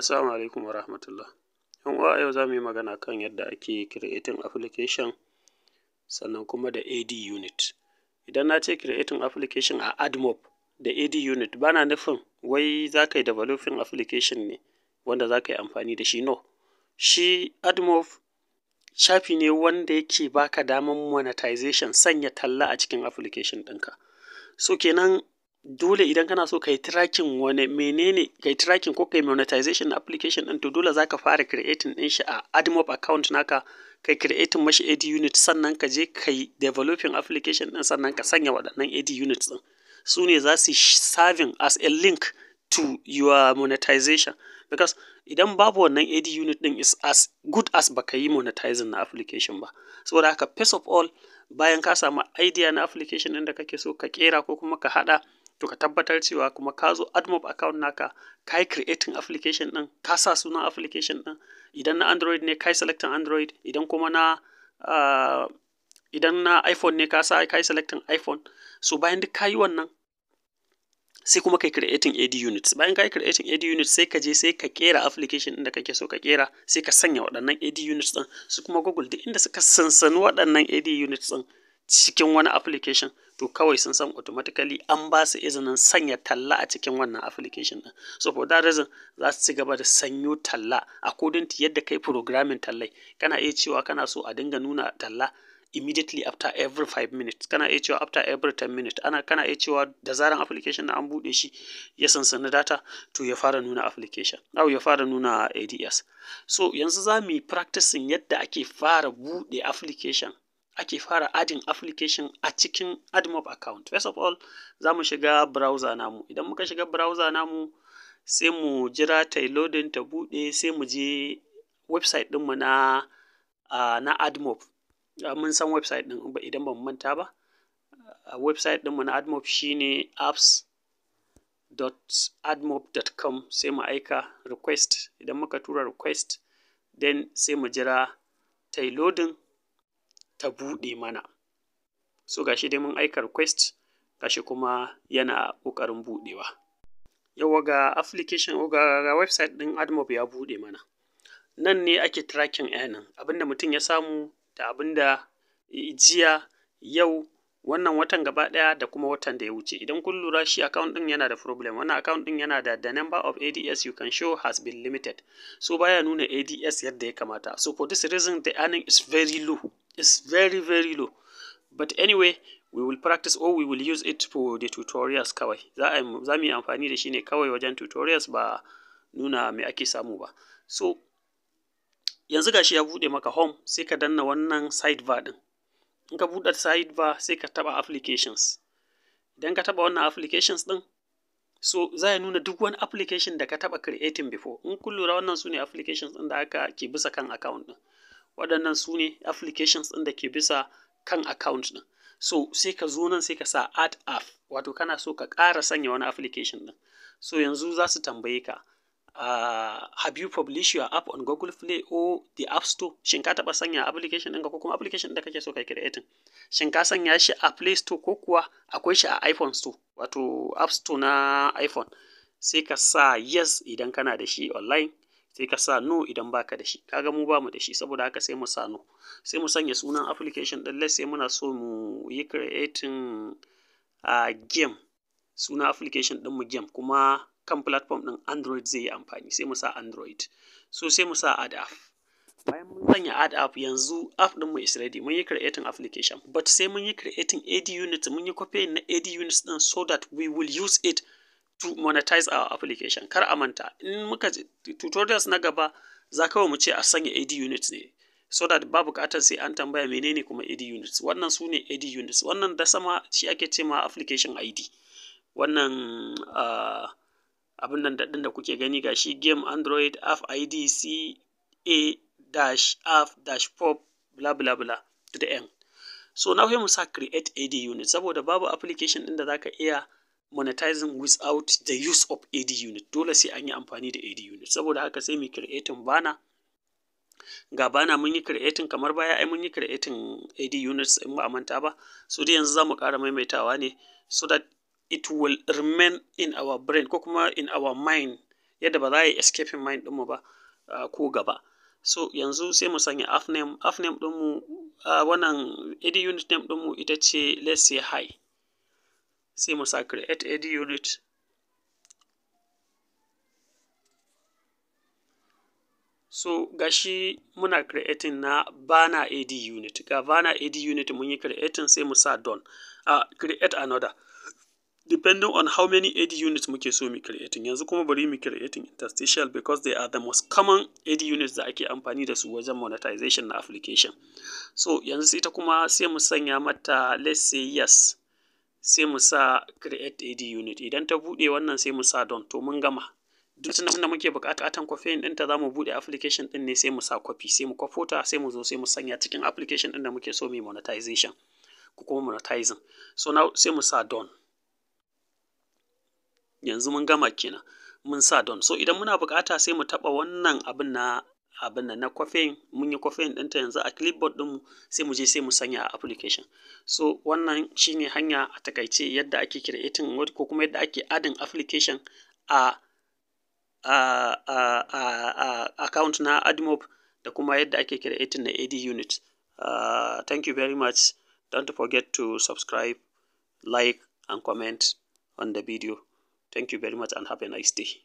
Assalamu alaikum wa rahmatullah. Yan uwa yau za mu yi magana kan yadda ake creating application sannan kuma da AD unit. Idan na ce creating application a AdMob da AD unit ba na nufin wai za ka yi developing application ne wanda za ka yi amfani da shi no. Shi AdMob shafi ne wanda yake baka daman monetization sanya talla a cikin application ɗinka. So kenan dole idan kana so kai tracking wani menene kai tracking ko kai monetization application ɗin to dole za ka fara creating ɗin shi a AdMob account naka kai creating mashi AD unit sannan ka je kai developing application ɗin sannan ka sanya waɗannan AD unit ɗin su ne za su serving as a link to your monetization because idan babu wannan AD unit ɗin is as good as baka yi monetizing na application ba saboda haka first of all bayan ka samu idea na application ɗin da kake so ka kera ko kuma ka haɗa to ka tabbatar cewa kuma ka zo AdMob account naka ka yi creating application ɗin ka sa sunan application ɗin idan na Android ne ka yi selecting Android idan kuma na uh, idan na iPhone ne ka sa ka yi selecting iPhone so bayan duk ka yi wannan sai kuma kai creating AD units bayan kai creating AD units sai ka je sai ka kera application din da kake so ka kera sai ka sanya waɗannan AD units din su kuma Google duk inda suka sansani waɗannan AD units din cikin wani application to kawai sun san automatically an ba su izinin sanya talla a cikin wannan application din so for that reason za su ci gaba da sanyo talla according to yadda kai programming tallai kana iya cewa kana so a dinga nuna talla immediately after every 5 minutes kana iya cewa after every 10 minutes ana kana iya cewa da zaran application na an bude shi ya sansani data to ya fara nuna application au ya fara nuna ads so yanzu za mu yi practicing yadda ake fara bude application ake fara adin application a cikin AdMob account. First of all, za mu shiga browser namu. Idan muka shiga browser namu, sai mu jira ta loading ta buɗe, sai mu je website ɗinmu na na AdMob. Mun san website ɗin idan ba mu manta ba. website ɗinmu na AdMob shine apps.admob.com sai mu aika request idan muka tura request then sai mu jira ta loading ta buɗe mana so gashi dai mun aika request gashi kuma yana ƙoƙarin buɗewa yawa ga application ga, ga website ɗin AdMob ya buɗe mana nan ne ake tracking abin abinda mutum ya samu da abinda jiya yau wannan watan gaba ɗaya da kuma watan da ya wuce idan kun lura shi account ɗin yana da problem wannan account ɗin yana da the number of ads you can show has been limited so baya nuna ads yadda ya kamata so for this reason the earning is very low is very very low but anyway we will practice or we will use it for the tutorials kawai za mu amfani da shi ne kawai wajen tutorials ba nuna me ake samu ba so yanzu gashi ya bude maka home sai ka danna wannan sidebar din in ka side sidebar sai ka taba applications idan ka taba wannan applications din so za ya nuna duk wani application da ka taba creating before in kullura wannan su applications din da aka ke bisa kan account ɗin waɗannan su ne applications ɗin da ke bisa kan account ɗin so sai ka zo nan sai ka sa add app wato kana so ka ƙara sanya wani application ɗin so yanzu za su tambaye ka uh, have you published your app on Google Play or the App Store shin ka taɓa sanya application ɗinka ko kuma application da kake so ka creating shin ka sanya shi a Play Store ko kuwa akwai shi a iPhone Store wato App Store na iPhone sai ka sa yes idan kana da shi online sai ka sa no idan baka da shi kaga mu bamu da shi saboda haka sai mu sa no sai mu sanya sunan application ɗin sai muna so mu yi creating a game sunan application ɗin mu game kuma kan platform ɗin android zai yi amfani sai mu sa android so sai mu sa add app bayan mun sanya add app yanzu app mu is ready mun yi creating application but sai mun yi creating ad unit mun yi copy na ad units ɗin so that we will use it to monetize our application kar a manta in muka tutorials na gaba za kawo mu ce a sanya ad units ne so that ba bukatar sai an tambaya menene kuma ad units wannan su ne ad units wannan da sama shi ake ce ma application id wannan uh, abin nan daɗin da kuke gani ga shi game android app id a dash app dash pop bla bla bla to the end so na mu sa create ad unit saboda babu application ɗin da zaka iya monetizing without the use of ad unit dole sai an yi amfani da ad unit saboda haka sai mu creating bana ga bana mun yi creating kamar baya ai mun yi creating ad units in ba a manta ba so dai yanzu zamu ƙara maimaitawa ne so that it will remain in our brain ko kuma in our mind yadda ba za ya yi in mind ɗinmu ba ko gaba so yanzu sai mu sanya app name ɗinmu wannan ad unit name ɗinmu ita ce let's say hi sai mu sa create ad unit so gashi muna creating na bana ad unit ga bana ad unit mun yi creating sai mu sa don uh, create another depending on how many ad units muke so mu creating yanzu kuma bari mu creating interstitial because they are the most common ad units da ake amfani da su wajen monetization na application so yanzu sai ta kuma sai mu sanya mata let's say yes sai mu sa create ad unit idan ta bude wannan sai mu sa don to mun gama duk lokacin da muke atan coffee din za zamu bude application din ne sai mu sa kwafi sai mu kwafo sai mu zo sai mu sanya cikin application din da muke so mu monetization ko kuma monetizing so now sai mu sa don yanzu mun gama kenan mun sa don so idan muna bukata sai mu taba wannan abin na abin nan na kwafin mun yi kwafin ɗinta yanzu a clipboard ɗinmu sai mu je sai mu sanya a application so wannan shine hanya a takaice yadda ake creating word ko kuma yadda ake adin application a a a a account na AdMob da kuma yadda ake creating na AD unit uh, thank you very much don't forget to subscribe like and comment on the video thank you very much and have a nice day